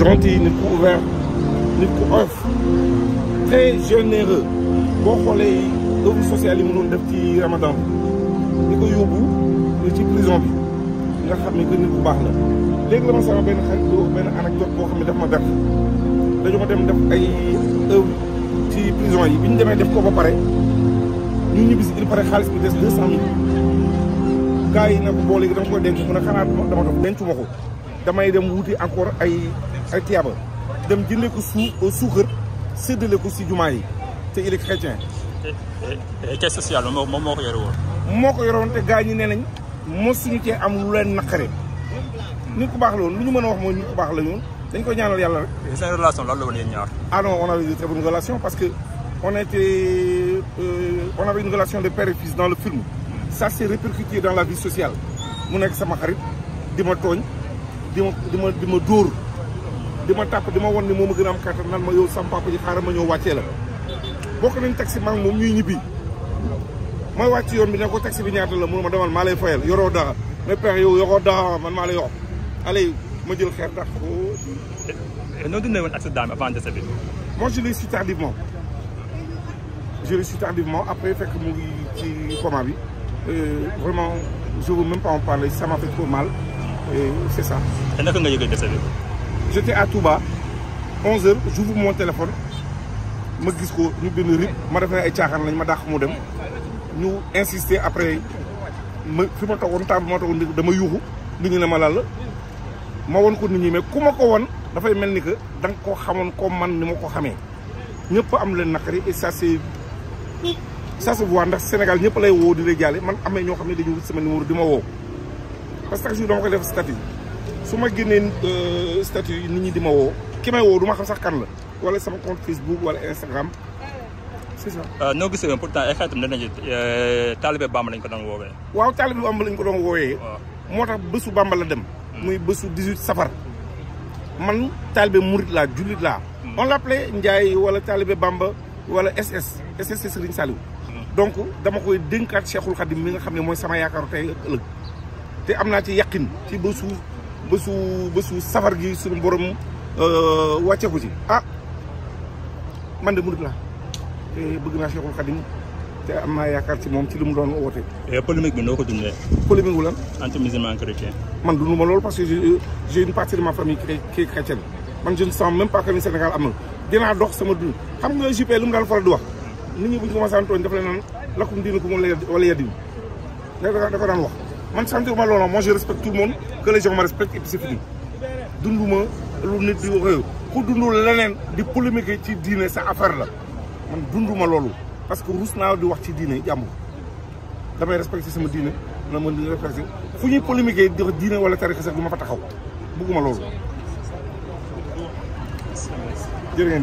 gentil nit ku ouvert nit ku oyof très généreux boo xoolee œuvre sociale yi mu doon def ci ramadan bi di ko yóbbu ci prison bi nga xam ne que nit ku baax la léegi la ma sama benn xarit doo benn anecdote boo xam ne daf ma bett dem def ay ci prison yi bi ñu demee def ko ba pare ñu ñibbi si il pare xaalis bi des deux cent mille gars yi na ko boo léegi dama koy denc mu ne xanaa dama dox denc ma ko damay dem wuti encore ay ay tiyaaba dem jënde ko suu suukar séddale ko si jumaa yi te il est chrétien. caisse sociale moom moo ko yore woon. moo ko yore woon te gars ñi nee nañ moo suñu cee am lu leen naqare nit ku baax la woon lu ñu mën a wax mooy nit ku baax la ñu woon dañ ko ñaanal yàlla rek. seen relation la woon yéen ñaar. ah non on avait de très bonnes relations parce que on était euh, on avait une relation de père et fils dans le film. ça s'est répercuté dans la vie sociale mu nekk sama xarit di ma ma di ma di ma di ma tàpp di ma won ni moom ma gën a am kàttan nan ma yow sam papa ji xaaral ma ñëw wàccee la bokk nañ taxi maag moom ñuy ñibbi ma wàcc yoon bi ne ko taxi bi ñaata la mu ma demal maa lay fayal yoroo dara ne père yow yoroo dara man maa lay yor yi ma jël xeer ndax. noo dundee woon accident bi avant décès bi. moo je l'ai su tardivement je l'ai su tardivement fekk mu ngi ci coma bi euh, vraiment je veux même pas en parler ça m'a fait trop mal et j'étais à Touba 11h j'ouvre moo téléphone ma gis ko ñu bind RIP ma def na ay caaxaan lañ ma dàq mu dem ñu insister après ma fi ma toogoon table ma toogoon dama yuuxu nit ñi ne ma lal la ma won ko nit ñi mais ku ma ko won dafay mel ni que da koo xamoon comme man ni ma ko xamee ñëpp am leen naqari et ça c'est ça se voit ndax Sénégal ñëpp lay woo di lay jaale man amee ñoo xam ne dañu wut sama numéro di ma woo parce que chaque jour su ma génnee euh, statut yi nit ñi di ma woo ki may woo du ma xam sax kan la wala sama compte Facebook wala Instagram c'est euh, noo gisee woon pourtant ay xaritam danañu euh, taalibe Bamba lañ ko doon woowee. waaw taalibe Bamba lañ ko doon woowee. moo tax bésu Bamba la dem. Hmm. muy bésu 18 safar. man taalibe murit laa jullit laa. Hmm. on l'appelait Ndiaye wala taalibe Bamba wala SS SS Serigne Saliou. Hmm. donc dama koy dénkaat Cheikhul Khadim mi nga xam ne mooy sama yaakaar tey ëllëg te am naa ci yaqin ci bésu bésu safar gi suñu borom euh, wàcceeku ci ah man de murid laa te bëgg naa Cheikhul Khadim te am naa yaakaar ci moom ci lu mu doon woote. Eh, polémique bi noo ko dundee. polémique wu lan. entre musulman chrétien. man dundu ma loolu parce que j'ai euh, une partie ma famille qui est chrétienne man je ne sens même pas que Sénégal am na dinaa dox sama dund xam nga JP lu mu daan faral di wax nit ñi bu ñu ko mosaan tooñ daf leen naan lakkum diinukum wala yadin da ko daan wax. man sentir ma loolu moo je respecte tout le monde que les ma me respectent et puis c'est fini dunduma lu nit di réew ku dund leneen di polémique ci diine sa affaire la man dunduma loolu parce que ruus naa di wax ci diine jàmm damay respecté sama diine na ma di respecté fu ñuy polémique di wax diine wala tarixa sax du ma fa taxaw bëgguma loolu jërë